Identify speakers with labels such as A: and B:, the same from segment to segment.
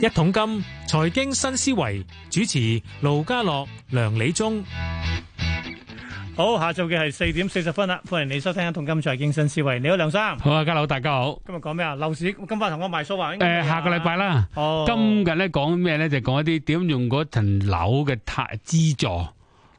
A: 一桶金財經新思維主持盧家樂、梁理中，
B: 好，下晝嘅係四點四十分啦，歡迎你收聽一桶金財經新思維。你好，梁生，好啊，家佬，大家好。今
A: 日講咩啊？樓市
B: 今花同我賣數
A: 啊？誒，下個禮拜啦。哦，今日咧講咩咧？就講一啲點用嗰層樓嘅資助。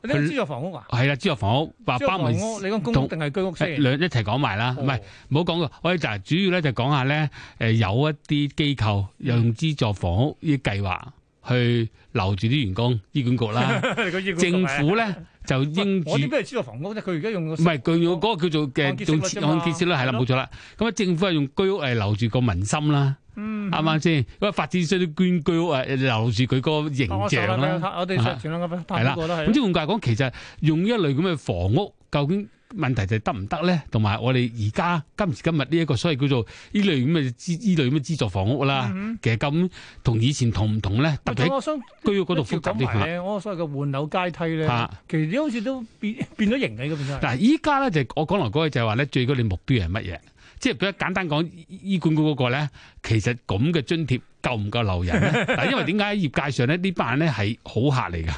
A: 呢啲資助房屋啊，係啦，資助房屋，話包民屋，你講公屋定係居屋先，兩一齊講埋啦，唔係、哦，唔好講個，我哋就主要咧就講下咧，誒、呃，有一啲機構又用資助房屋呢啲計劃去留住啲員工，醫管局啦， 局政府咧就應住。 我啲咩資
B: 助房屋咧？佢而家
A: 用唔係，佢用嗰個叫做嘅仲按揭先啦，係啦，冇錯啦。咁啊，政府係用居屋嚟留住個民心啦。啱唔啱先？佢發展商都捐居屋，誒，留住佢個形象啦、哦。我哋前兩日攀住個都係。咁即係換句話講，其實用呢一類咁嘅房屋，究竟？問題就係得唔得咧？同埋我哋而家今時今日呢一個所謂叫做呢類咁嘅資呢類咁嘅資助房屋啦，嗯嗯，其實咁同以前同唔同咧？特別我
B: 想，據嗰度複雜啲我所謂嘅換樓階梯咧，其實好似都變變咗形嘅，咁變，但係
A: 依家咧就我講嚟講去就係話咧，最高你目標係乜嘢？即係比較簡單講醫管局嗰個咧，其實咁嘅津貼夠唔夠留人咧？但 因為點解喺業界上咧，呢班人咧係好客嚟㗎？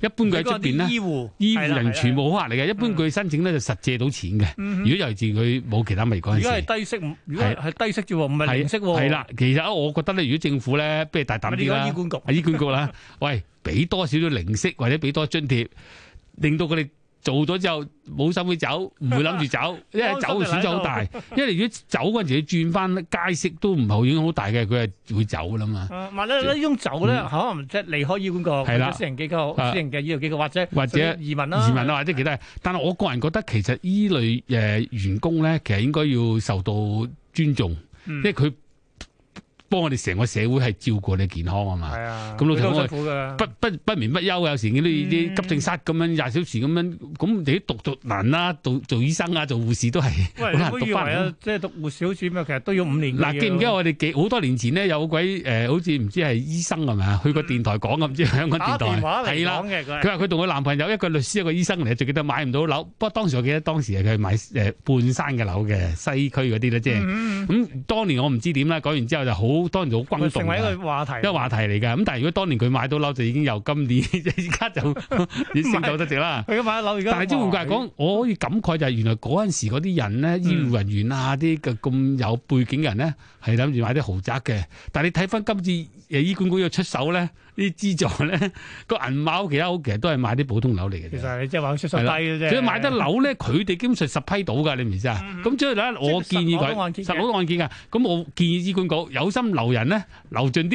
A: 一般佢喺出邊咧，醫護醫護人全部好客嚟嘅。的的一般佢申請咧就實借到錢嘅。嗯、如果由自佢冇其他未嗰陣而家
B: 低息，如果係
A: 低息啫喎，唔係是零息係啦，其實啊，我覺得咧，如果政府咧，不如大膽啲啦。你醫管局，醫管局啦， 喂，俾多少少零息，或者俾多津貼，令到佢哋。做咗之後冇心會走，唔會諗住走，啊、因為走嘅損失好大。因為如果走嗰陣時，你轉翻街息都唔係影響好大嘅，佢係會走噶啦嘛。
B: 啊、嗯，或者呢種走咧，可能即係離開醫管局、嗯、私人機構、私人嘅醫療機構，或者移民啦、啊，移民
A: 啦，或者其他。的但係我個人覺得，其實呢類誒員工咧，其實應該要受到尊重，嗯、因為佢。幫我哋成個社會係照顧你健康啊嘛！咁老實講，辛苦我不不不眠不休，有時啲急症室咁樣廿小時咁樣，咁、嗯、你讀讀難啦，做醫生啊，做護士都係。喂，人都以為
B: 即係那讀護士好啲，其實都要五年。嗱、啊，記唔記得我
A: 哋幾好多年前呢？有個鬼誒、呃，好似唔知係醫生係咪啊？去個電台講咁即係香港電台。打電話嚟講嘅佢。佢話佢同佢男朋友一個律師一個醫生嚟，就記得買唔到樓。不過當時我記得當時係佢買誒、呃、半山嘅樓嘅西區嗰啲咧，即係咁。當年我唔知點啦，講完之後就好，當然好轟動啊，成為一個話題嚟嘅。咁但係如果當年佢買到樓，就已經由今年而家就先走得值啦。佢買咗樓，而家但係換句話講，我可以感慨就係、是、原來嗰陣時嗰啲人咧，嗯、醫護人員啊，啲咁有背景人咧，係諗住買啲豪宅嘅。但係你睇翻今次誒，醫管局要出手咧。啲資助咧，個銀碼、其他屋其實都係買啲普通樓嚟嘅。其實你即係話出低嘅啫。所以買得樓咧，佢哋基本上十批到㗎，你明唔明啊？咁即係咧，我建議佢實好多案件㗎。咁我建議醫管局有心留人咧，留盡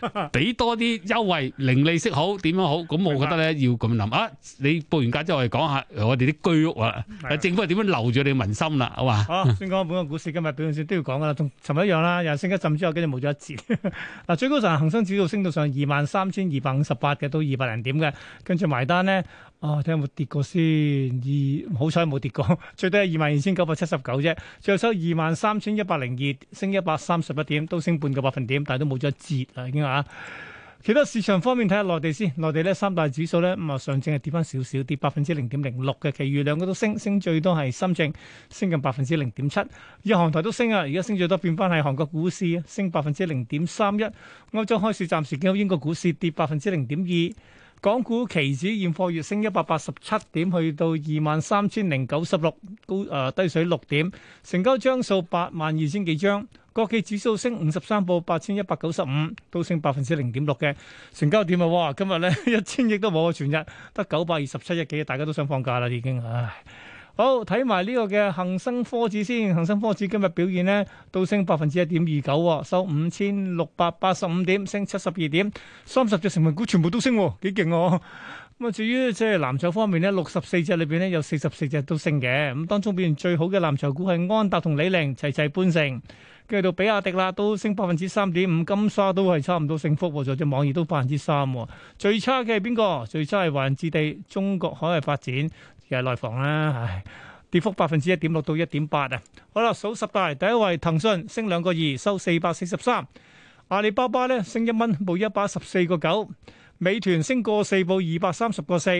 A: 啲，俾多啲優惠、零利息好，點樣好？咁我覺得咧要咁諗啊！你報完價之後，我哋講下我哋啲居屋啊，政府係點樣留住你民心啦？好嘛？
B: 先講本港股市，今日表現都要講㗎啦，同尋日一樣啦，又升一浸之後，跟住冇咗一次。嗱，最高就係恒生指數升到上二萬三。三千二百五十八嘅都二百零點嘅，跟住埋單呢，啊，睇下有冇跌過先。二好彩冇跌過，最低係二萬二千九百七十九啫。最後收二萬三千一百零二，升一百三十一點，都升半個百分點，但係都冇咗一折啦，已經啊。其他市場方面睇下內地先，內地呢三大指數呢，咁啊上證係跌翻少少，跌百分之零點零六嘅，其餘兩個都升，升最多係深證，升近百分之零點七，日韓台都升啊，而家升最多變翻係韓國股市，升百分之零點三一，歐洲開市暫時見到英國股市跌百分之零點二。港股期指現貨月升一百八十七點，去到二萬三千零九十六，高誒低水六點，成交張數八萬二千幾張。國企指數升五十三報八千一百九十五，都升百分之零點六嘅成交點啊！哇，今日咧一千億都冇啊，全日得九百二十七億幾，大家都想放假啦，已經唉。好睇埋呢個嘅恒生科指先，恒生科指今日表現咧都升百分之一點二九，收五千六百八十五點，升七十二點，三十隻成分股全部都升，幾勁哦！咁啊至於即係藍籌方面咧，六十四隻裏邊咧有四十四隻都升嘅，咁當中表現最好嘅藍籌股係安達同李寧，齊齊半成，跟住到比亞迪啦，都升百分之三點五，金沙都係差唔多升幅，就只網易都百分之三，最差嘅係邊個？最差係環置地、中國海外發展。嘅內房啦、唉，跌幅百分之一點六到一點八啊！好啦，數十大第一位騰訊升兩個二，收四百四十三；阿里巴巴咧升一蚊，報一百十四個九；美團升個四，報二百三十個四；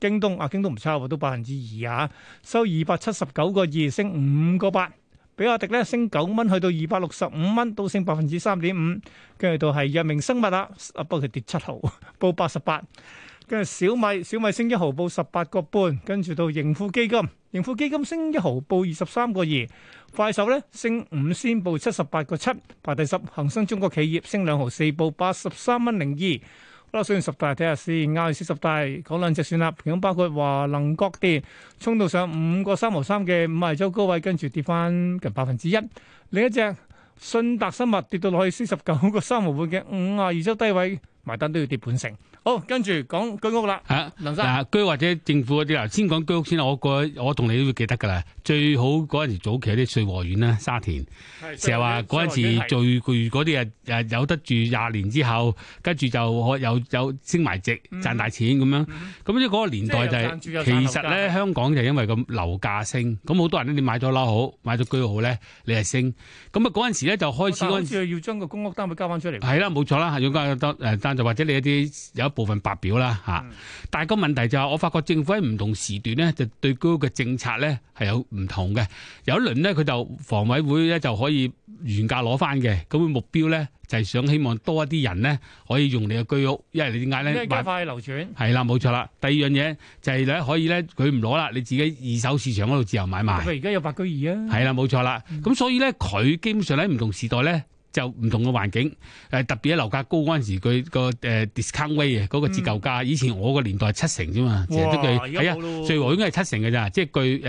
B: 京東啊，京東唔差喎，都百分之二啊，收二百七十九個二，升五個八；比亞迪咧升九蚊，去到二百六十五蚊，都升百分之三點五。跟住到係藥明生物啦，啊不過佢跌七毫，報八十八。跟住小米，小米升一毫，報十八個半。跟住到盈富基金，盈富基金升一毫，報二十三個二。快手咧升五仙，報七十八個七，排第十。恒生中國企業升兩毫四，報八十三蚊零二。好啦，算完十大睇下先，亞視十大講兩隻算啦。咁包括華能國電，衝到上 3. 3五個三毫三嘅五十二周高位，跟住跌翻近百分之一。另一隻信達生物跌到落去四十九個三毫半嘅五十二周低位，埋單都要跌半成。好，跟住講居屋啦。
A: 啊，梁生，居或者政府嗰啲啦，先講居屋先。啦，我個我同你都會記得噶啦。最好嗰陣時早期啲穗禾苑啦，沙田成日話嗰陣時最貴嗰啲啊，誒、那個那個那個、有得住廿年之後，跟住就又又升埋值，賺大錢咁、嗯、樣。咁即係個年代就係、是、其實咧，香港就因為個樓價升，咁好多人咧，你買咗樓好，買咗居屋好咧，你係升。咁啊嗰陣時咧就開始嗰陣時
B: 要將個公屋單位交翻出嚟。
A: 係啦，冇錯啦，要交得單，就或者你一啲有一部分白表啦嚇。嗯、但係個問題就係、是、我發覺政府喺唔同時段咧，就對居屋嘅政策咧係有。唔同嘅有一輪咧，佢就房委會咧就可以原價攞翻嘅，咁個目標咧就係想希望多一啲人咧可以用你嘅居屋，因為你點解咧？因為加快流轉，係啦，冇錯啦。第二樣嘢就係咧可以咧，佢唔攞啦，你自己二手市場嗰度自由買賣。而
B: 家有白居二啊，
A: 係啦，冇錯啦。咁所以咧，佢基本上喺唔同時代咧。就唔同嘅環境，特別喺樓價高嗰陣時，佢個 discount rate 啊，嗰個折舊價，以前我個年代七成啫嘛，成都係啊，最和應該係七成嘅咋，即係佢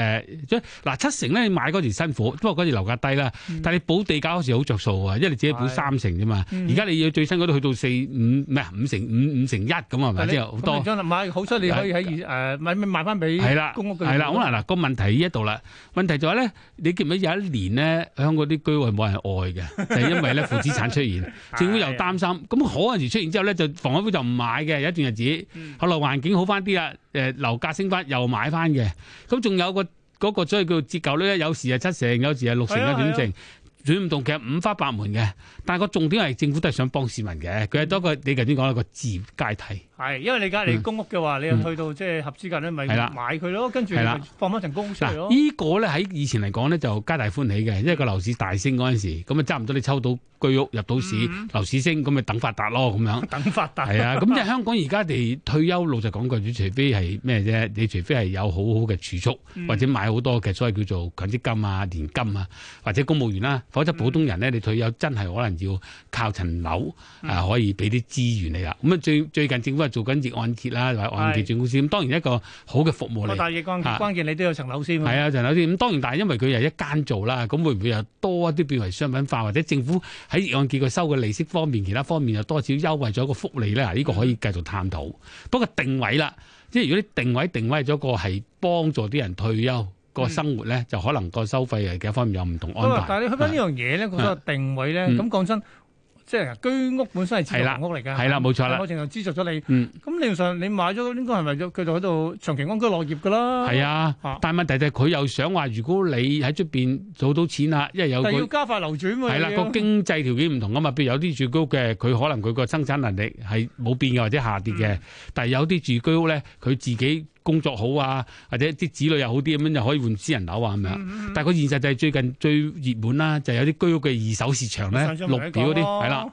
A: 誒，嗱七成咧你買嗰時辛苦，不過嗰時樓價低啦，但係你補地價嗰時好着數啊，因為你自己補三成啫嘛，而家你要最新嗰啲去到四五咩？五成五五成一咁啊，咪係真好多。買咪將嚟你可以喺誒買咩賣翻俾係啦公屋嘅啦。我話嗱個問題呢一度啦，問題就係咧，你見唔見有一年咧，香港啲居委冇人愛嘅，就因為。係咧，負資產出現，政府 又擔心，咁陣時出現之後咧，就房委會就唔買嘅，有一段日子，嗯、後來環境好翻啲啦，誒樓價升翻又買翻嘅，咁仲有個嗰個所謂叫折舊率咧，有時係七成，有時係六成嘅短 成。 主唔同，其實五花八門嘅，但係個重點係政府都係想幫市民嘅，佢係多個你頭先講一個置業階梯。
B: 係，因為你隔離公屋嘅話，嗯、你又去到即係合資格咧，咪、嗯、買佢咯，跟住的放翻層公屋出嚟咯。依、
A: 這個咧喺以前嚟講咧就皆大歡喜嘅，因為個樓市大升嗰陣時，咁啊差唔多你抽到。居屋入到市，樓市升，咁咪等發達咯，咁樣。等發達係啊，咁即係香港而家哋退休老實講句，除非係咩啫？你除非係有好好嘅儲蓄，或者買好多嘅所謂叫做強積金啊、年金啊，或者公務員啦、啊，否則普通人咧，你退休真係可能要靠層樓、嗯、啊，可以俾啲資源你啦。咁啊最最近政府係做緊逆按揭啦，或者按揭轉公司。咁是當然一個好嘅服務嚟。但係關鍵關鍵你都要層樓先。係啊，層樓先。咁當然，但係因為佢又一間做啦，咁會唔會又多一啲變為商品化，或者政府？喺按揭佢收嘅利息方面，其他方面有多少優惠咗個福利咧？呢、這個可以繼續探討。嗯、不過定位啦，即係如果你定位定位咗個係幫助啲人退休個生活咧，嗯、就可能個收費係幾方面有唔同安排。但
B: 係你去翻呢樣嘢咧，嗰個定位咧，咁講真。即係居屋本身係自用屋嚟嘅，係啦冇錯啦，我淨係資助咗你。咁理論上你買咗應該係咪就繼續喺度長期安居樂業㗎啦。係的啊，
A: 但係問題就係佢又想話，如果你喺出面做到錢啦，因為有佢要
B: 加快流轉喎。係啦的，個經
A: 濟條件唔同啊嘛。譬如有啲住居屋嘅，佢可能佢個生產能力係冇變嘅或者下跌嘅，嗯、但係有啲住居屋咧，佢自己。工作好啊，或者啲子女又好啲咁樣，又可以換私人樓啊，係咪啊？嗯、但係佢現實就係最近最熱門啦，就係、是、有啲居屋嘅二手市場咧，綠表嗰啲係啦。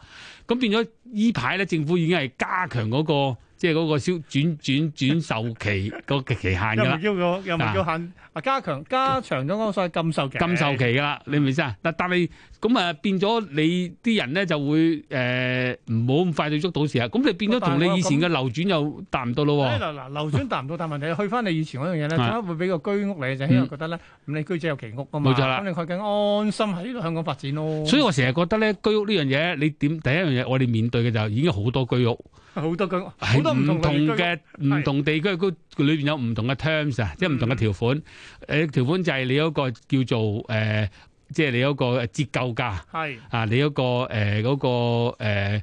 A: 咁、啊、變咗依排咧，政府已經係加強嗰、那個即係嗰個消轉，轉轉售期個期限㗎。又又唔叫限啊！加強加長咗嗰個所謂禁售期。禁售期㗎啦，你明唔明意思啊？但但係。咁啊，變咗你啲人咧就會誒唔好咁快就捉到時啊！咁你變咗同你以前嘅流轉又達唔到咯喎。嗱、
B: 啊啊啊、流轉達唔到， 但問題去翻你以前嗰樣嘢咧，點解、啊、會畀個居屋你，就希望覺得咧，咁、嗯、你居者有其屋啊嘛。冇錯啦，咁你佢更安心喺呢度香港發展咯。所以我
A: 成日覺得咧，居屋呢樣嘢，你點第一樣嘢，我哋面對嘅就已經好多居屋，
B: 好多居屋，
A: 好多唔同嘅唔是同地區，佢裏邊有唔同嘅 terms 啊、嗯，即係唔同嘅條款。誒、呃、條款就係你嗰個叫做誒。呃即係你有個個折舊價，係啊，你一、那個誒嗰、呃那個誒。呃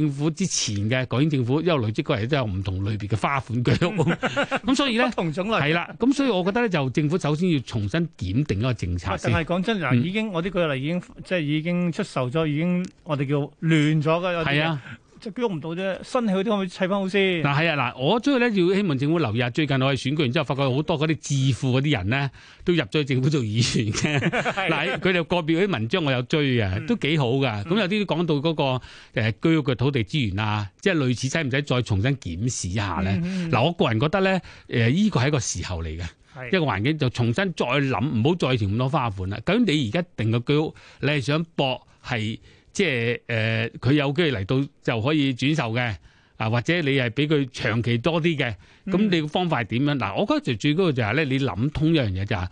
A: 府。政府之前嘅港英政府，因為累積過嚟都有唔同類別嘅花款嘅，咁 所以咧，同種類，係啦， 咁所以我覺得咧，就政府首先要重新檢定一個政策先。但係講真，嗱，已
B: 經我啲句嚟已經即係已經出售咗，已經
A: 我哋叫亂咗㗎。係啊。
B: 就喐唔到啫，新起嗰啲可唔可以砌
A: 翻好先？嗱係啊，嗱我最近咧要希望政府留意下，最近我哋選舉完之後，發覺好多嗰啲智庫嗰啲人咧都入咗政府做議員嘅。嗱 的，佢哋個別嗰啲文章我有追啊，都幾好㗎。咁有啲講到嗰個居屋嘅土地資源啊，即係類似使唔使再重新檢視一下咧？嗱、嗯，嗯、我個人覺得咧，誒依個係一個時候嚟嘅，的一個環境就重新再諗，唔好再填咁多花款啦。咁你而家定個居屋，你係想博係？即係誒佢有機會嚟到就可以轉售嘅，啊或者你係俾佢長期多啲嘅，咁你個方法係點樣？嗱，嗯、我覺得最高個就係、是、咧，你諗通一樣嘢就係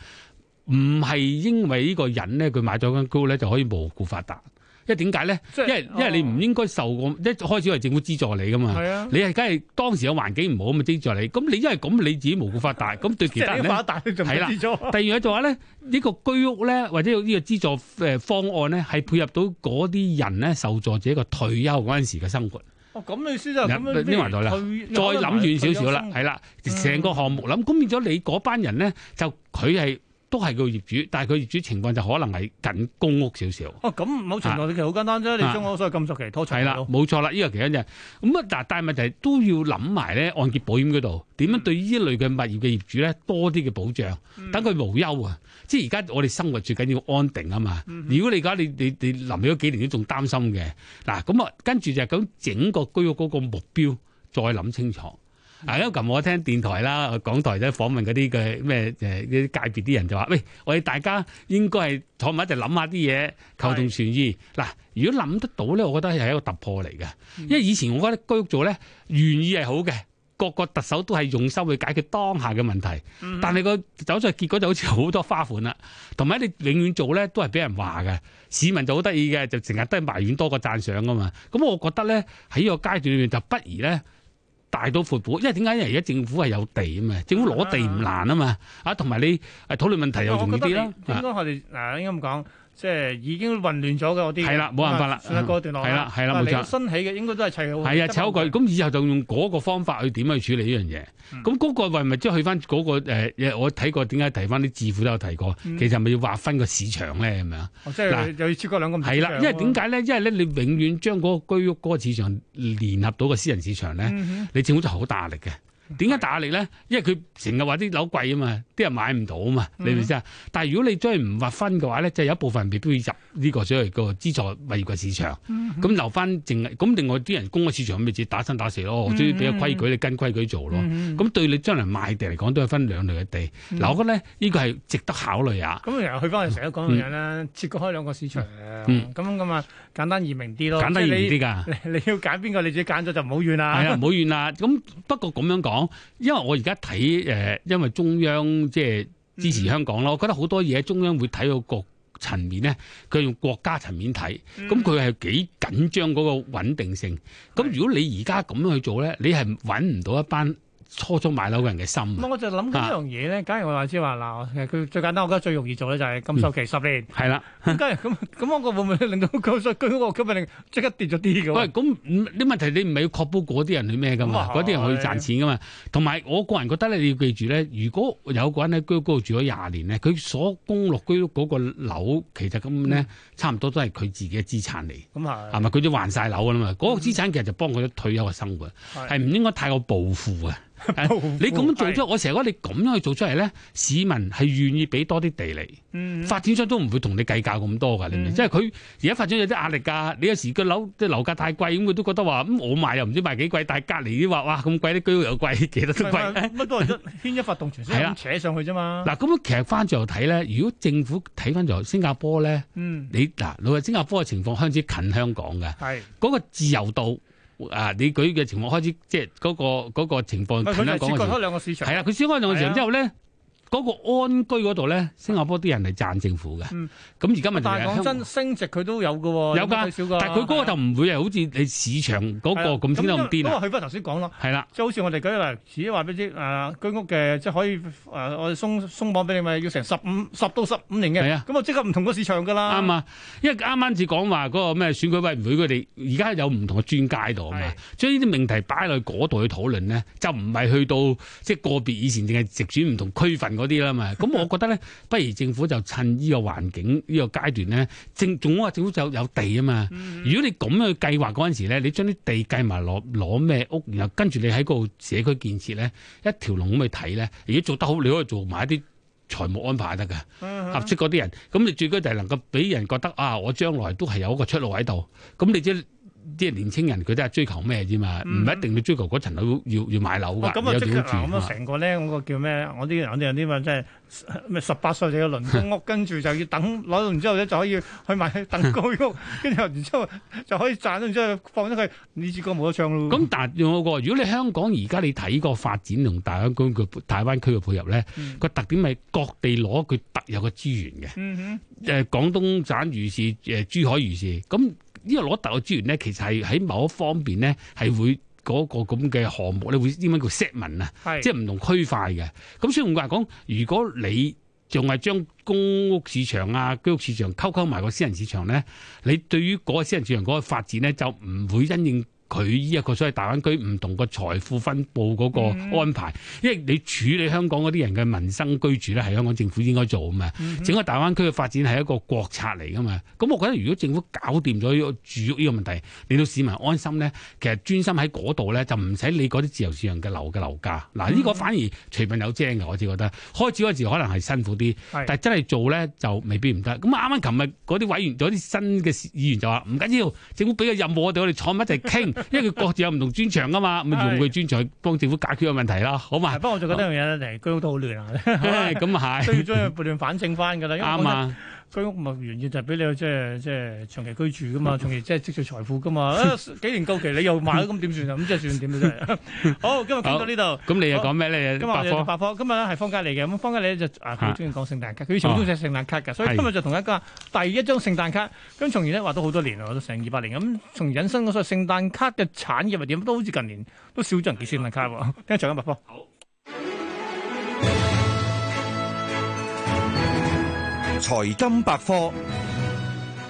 A: 唔係因為呢個人咧，佢買咗間高咧就可以無故發達。即係點解咧？為就是，因為、嗯、因為你唔應該受過一開始係政府資助你噶嘛。是啊，你係梗係當時嘅環境唔好咁咪資助你。咁你因為咁你自己無故發達，咁對其他人咧，係啦。第二嘅就話咧，呢、呢個居屋咧或者有呢個資助方案咧，係配合到嗰啲人咧受助者個退休嗰陣時嘅生活。哦，
B: 咁你思就咁樣啦？休再諗遠少少啦，
A: 係啦，成個項目諗，咁、嗯、變咗你嗰班人咧，就佢係。都係個業主，但係佢業主情況就可能係近公屋少少。哦，咁某程度其實好簡單啫，你將我所有禁售期拖齊係啦，冇錯啦，呢個原因就係咁啊！嗱但係問題都要諗埋咧，按揭保險嗰度點樣對呢一類嘅物業嘅業主咧多啲嘅保障，等佢無憂啊！嗯、即係而家我哋生活最緊要安定啊嘛。如果你而家你你你臨咗幾年都仲擔心嘅，嗱咁啊，跟住就係咁整個居屋嗰個目標再諗清楚。嗱，琴日、啊、我聽電台啦，港台都訪問嗰啲嘅咩誒，啲界別啲人就話：，喂，我哋大家應該係坐埋一齊諗下啲嘢，求同存異。嗱是，如果諗得到咧，我覺得係一個突破嚟嘅。嗯、因為以前我覺得居屋做咧，原意係好嘅，個個特首都係用心去解決當下嘅問題。嗯、但係個走咗結果就好似好多花款啦，同埋你永遠做咧都係俾人話嘅，市民就好得意嘅，就成日都埋怨多過讚賞噶嘛。咁我覺得咧喺呢個階段裏面就不如咧。大刀闊斧，因為點解？因為而家政府係有地啊嘛，政府攞地唔難啊嘛。啊，同埋你討論問題又容易啲啦。應該
B: 我哋嗱，啊、應該咁講。即係已經混亂咗嘅嗰啲，係啦，冇辦法啦。係啦，段落係啦，係啦，冇錯。新起嘅應該都係砌好，係
A: 啊，砌佢。咁以後就用嗰個方法去點去處理呢樣嘢。咁嗰個係咪即係去翻嗰個誒，我睇過點解提翻啲智庫都有提過，其實係咪要劃分個市場咧？咁樣嗱，
B: 又要切割兩個問題係啦。因為點
A: 解咧？因為咧，你永遠將嗰個居屋嗰個市場聯合到個私人市場咧，你政府就好大力嘅。點解打力咧？因為佢成日話啲樓貴啊嘛，啲人買唔到啊嘛，嗯、你明唔明先啊？但係如果你將嚟唔劃分嘅話咧，就是、有一部分人未必入呢個所謂個資助物業嘅市場，咁、嗯嗯、留翻淨係，咁另外啲人供個市場咪自己打生打死咯。終於俾咗規矩，你跟規矩做咯。咁、嗯嗯嗯、對你將來賣地嚟講，都係分兩類嘅地。嗱、嗯，我覺得呢個係值得考慮啊。咁其
B: 實去返去成日都講咁樣啦，嗯、切開兩個市場，咁咁啊，簡單易明啲咯。簡單易明啲㗎。
A: 你要揀邊個？你自己揀咗就唔好怨啦。係啊，唔好怨啦。咁不過咁樣講。因為我而家睇誒，因為中央即係支持香港咯，嗯，我覺得好多嘢中央會睇到國層面咧，佢用國家層面睇，咁佢係幾緊張嗰個穩定性。咁如果你而家咁樣去做咧，你係搵唔到一班。初初買樓嘅人嘅心，我就諗緊一樣嘢咧。假如我話之話嗱，
B: 佢最簡單，我覺得最容易做咧就係禁售期十年。係啦的，咁咁我個會唔會令到居屋居屋即刻跌咗啲嘅？喂、
A: 哎，咁啲問題你唔係要確保嗰啲人去咩噶嘛？嗰啲、嗯、人去以賺錢噶嘛？同埋我個人覺得咧，你要記住咧，如果有個人喺居屋嗰度住咗廿年咧，佢所供落居屋嗰個樓，其實咁咧差唔多都係佢自己嘅資產嚟。咁係係咪佢都還晒樓噶啦嘛？嗰、那個資產其實就幫佢退休嘅生活，係唔、嗯、應該太過暴富嘅。你咁做咗，我成日話你咁樣去做出嚟咧是，市民係願意俾多啲地嚟，嗯、發展商都唔會同你計較咁多噶，你明唔明？嗯、即係佢而家發展有啲壓力噶，你有時個樓即樓價太貴，咁佢都覺得話咁、嗯、我賣又唔知賣幾貴，但係隔籬啲話哇咁貴，啲居屋又貴，幾多都貴，乜都
B: 牽 一發動全身，是啊，扯上去啫嘛。嗱
A: 咁其實翻轉頭睇咧，如果政府睇翻在新加坡咧，嗯、你嗱老係新加坡嘅情況向住近香港嘅，嗰是個自由度。啊！你舉嘅情況開始，即係嗰個嗰個情況，佢哋先開兩個市場，係啦、啊，佢先開兩個市場之後咧。嗰個安居嗰度咧，新加坡啲人係賺政府嘅。咁而家咪大係講真，
B: 升值佢都有㗎喎。有啲少少㗎。但係佢嗰
A: 個就唔會啊，好似你市場嗰個咁先有唔啊？咁啊，去翻頭先講咯。係
B: 啦，即係好似我哋舉例，只話畀啲誒居屋嘅，即係可以我哋鬆鬆綁俾你咪，
A: 要成十五十到十五年嘅。咁啊即刻唔同個市場㗎啦。啱啊，因為啱啱至講話嗰個咩選舉委員會，佢哋而家有唔同嘅專家度啊，將呢啲命題擺喺嗰度去討論呢，就唔係去到即係個別以前淨係直選唔同區份。嗰啲啦嘛，咁我覺得咧，不如政府就趁呢個環境、呢個階段咧，政仲話政府就有地啊嘛。如果你咁去計劃嗰陣時咧，你將啲地計埋攞攞咩屋，然後跟住你喺個社區建設咧，一條龍咁去睇咧，如果做得好，你可以做埋一啲財務安排得噶，uh huh. 合適嗰啲人，咁你最緊就係能夠俾人覺得啊，我將來都係有一個出路喺度，咁你即、就是。即係年青人，佢都係追求咩啫嘛？唔、嗯、一定要追求嗰層樓，要要買樓嘅，咁啊，即刻咁成
B: 個咧、那個，我個叫咩？我啲我啲有啲咪即係唔十八歲就要輪高屋，跟住就要等攞到，然之後咧就可以去買等高屋，嗯、跟住然之後就可以賺，然後之後
A: 放咗佢呢支歌冇得唱咯。咁、嗯、但係另外一個，如果你香港而家你睇個發展同大灣區嘅配合咧，個、嗯、特點係各地攞佢特有嘅資源嘅。嗯哼，誒、呃、廣東省如是，誒、呃、珠海如是，咁、嗯。呢個攞特嘅資源咧，其實係喺某一方面咧，係會嗰個咁嘅項目咧，你會英文叫 segment 啊？即係唔同區塊嘅。咁所以我話講，如果你仲係將公屋市場啊、居屋市場溝溝埋個私人市場咧，你對於嗰個私人市場嗰個發展咧，就唔會因應。佢依一個所謂大灣區唔同個財富分佈嗰個安排，嗯、因為你處理香港嗰啲人嘅民生居住咧，係香港政府應該做啊嘛。嗯、整個大灣區嘅發展係一個國策嚟噶嘛。咁我覺得如果政府搞掂咗呢個住屋呢個問題，令到市民安心咧，其實專心喺嗰度咧，就唔使理嗰啲自由市場嘅樓嘅樓價。嗱、嗯，呢個反而隨便有精嘅，我只覺得開始嗰陣時可能係辛苦啲，是但係真係做咧就未必唔得。咁啱啱琴日嗰啲委員，嗰啲新嘅議員就話唔緊要，政府俾個任務我哋，我哋坐埋一齊傾。 因為佢各自有唔同專長啊嘛，咪用佢專長去幫政府解決個問題啦，好嘛？不過我仲覺
B: 得樣嘢咧嚟居屋都好亂
A: 啊，咁啊係， 都
B: 要撥亂反正翻噶啦。啱啊！居屋嘅原意就係俾你即係即係長期居住噶嘛，長期即係積聚財富噶嘛。 啊，幾年夠期你又買咗咁點 算啊？咁即係算點即係好，今日講到呢度。咁你又講
A: 咩咧？今日我
B: 哋今日咧係方家利嘅。咁方家利就啊好中意講聖誕卡，佢好中意聖誕卡噶。啊、所以今日就同一個是第一張聖誕卡。咁從而咧話都好多年啦，都成二百年。咁從而引生嗰個聖誕卡嘅產業或點，都好似近年都少咗人寄聖
C: 誕卡喎。聽長白科。財金百科。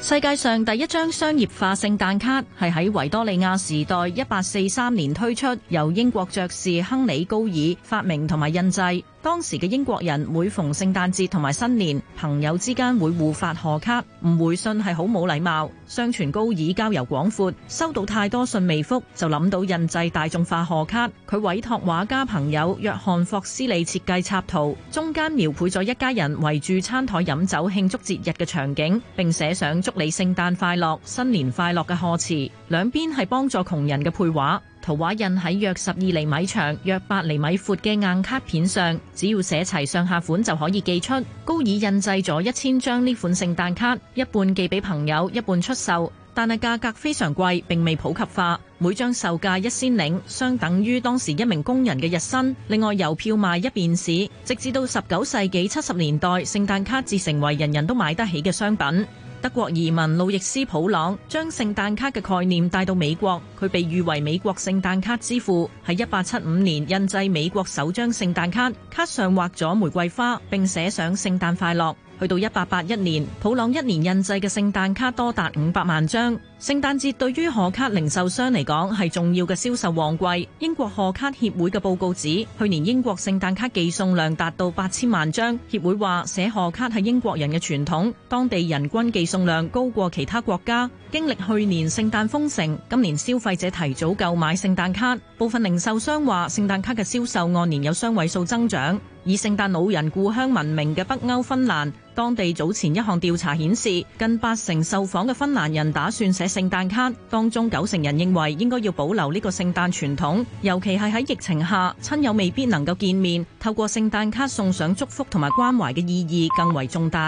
C: 世界上第一張商業化聖誕卡係喺維多利亞時代一八四三年推出，由英國爵士亨利高爾發明同埋印製。當時嘅英國人每逢聖誕節同埋新年，朋友之間會互發賀卡，唔回信係好冇禮貌。相傳高爾交友廣闊，收到太多信未覆，就諗到印製大眾化賀卡。佢委託畫家朋友約翰霍斯利設計插圖，中間描繪咗一家人圍住餐台飲酒慶祝節日嘅場景，並寫上，祝你聖誕快樂、新年快樂嘅賀詞，兩邊係幫助窮人嘅配畫，圖畫印喺約十二厘米長、約八厘米闊嘅硬卡片上。只要寫齊上下款就可以寄出。高爾印製咗一千張呢款聖誕卡，一半寄俾朋友，一半出售。但係價格非常貴，並未普及化。每張售價一先令，相等於當時一名工人嘅日薪。另外郵票賣一便士，直至到十九世紀七十年代，聖誕卡至成為人人都買得起嘅商品。德國移民路易斯普朗將聖誕卡嘅概念帶到美國，佢被譽為美國聖誕卡之父，喺一八七五年印製美國首張聖誕卡，卡上畫咗玫瑰花，並寫上聖誕快樂。去到一八八一年，普朗一年印製嘅聖誕卡多達五百萬張。聖誕節對於賀卡零售商嚟講係重要嘅銷售旺季。英國賀卡協會嘅報告指，去年英國聖誕卡寄送量達到八千萬張。協會話寫賀卡係英國人嘅傳統，當地人均寄送量高過其他國家。經歷去年聖誕封城，今年消費者提早購買聖誕卡。部分零售商話聖誕卡嘅銷售按年有雙位數增長。以聖誕老人故鄉聞名嘅北歐芬蘭，當地早前一項調查顯示，近八成受訪嘅芬蘭人打算寫聖誕卡當中，九成人認為應該要保留呢個聖誕傳統，尤其係喺疫情下，親友未必能夠見面，透過聖誕卡送上祝福同埋關懷嘅意義更為重大。